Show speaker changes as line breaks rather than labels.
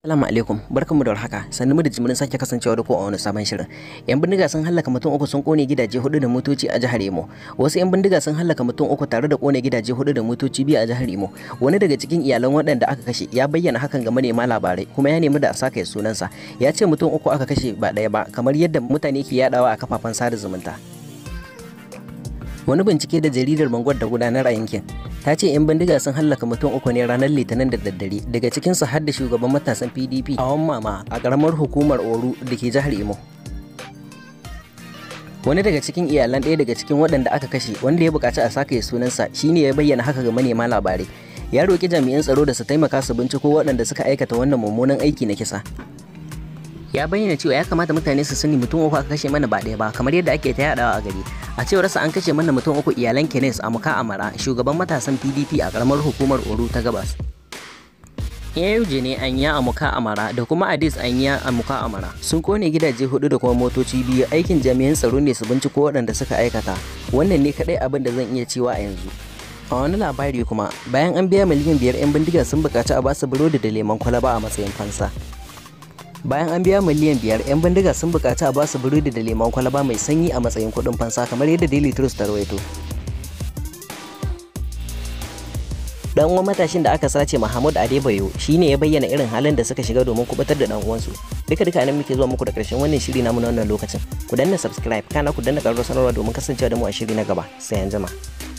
Salamu alaikum barkanmu da warhaka sannu mu da jimirin sake kasancewa da ku a wani sabon shirin yan bindiga sun halaka mutum uku sun kone gidaje hudu da motoci a jihar Imo wasu yan bindiga sun hallaka mutum uku tare da kone gidaje hudu da motoci biyu a jihar Imo wani daga cikin iyalan waɗanda aka kashe ya bayyana hakan ga manema labarai kuma ya nemi da a saka sunansa ya ce mutum uku aka kashe ba ɗaya ba kamar yadda mutane ke yadawa a kafafen sada zumunta wani bincike da jaridar bangon da gudanar a yankin ta ce 'yan bindiga sun hallaka mutum uku ne ranar litinin da daddare daga cikinsu har da shugaban matasan pdp a mama a karamar hukumar oru da ke jihar imo wani daga cikin iyalan ɗaya daga cikin waɗanda aka kashe wanda ya buƙaci a saka ya sunansa shine ya bayyana haka ga manema labarai ya roƙi jami'an tsaro da su taimaka su binciko waɗanda suka aikata wannan mummunan aiki na kisa ya bayyana cewa ya kamata mutane su sani mutum uku aka kashe mana ba ɗaya ba kamar yadda ake ta yadawa a gari a cewar sa an kashe mana mutum uku iyalan Kenes a muka Amara shugaban matasan PDP a karamar hukumar Oru ta Gabas Yayuje ne a muka Amara da kuma Adis Anya Amuka Amara sun kone gidaje hudu da kuma motoci biyu aikin jami'an tsaro ne su binciko waɗanda suka aikata wannan ne kadai abin da zan iya cewa a yanzu a wani labari kuma bayan an biya miliyan biyar 'yan bindiga sun bukaci a basu burodi da lemon kwalaba a matsayin fansa bayan an biya miliyan biyar yan bindiga sun bukaci a basu burodi da lemon kwalaba mai sanyi a matsayin kuɗin fansa kamar yadda daily trust ta rawaito dan uwan matashin da aka sace Muhammad Adebayo shine ya bayyana irin halin da suka shiga domin kubatar da dan uwansu duka duka nan muke zuwa muku da karshen wannan shiri namu na wannan lokacin ku danna subscribe kana ku danna karuwar sanarwa domin kasancewa da mu a shiri na gaba sai an jima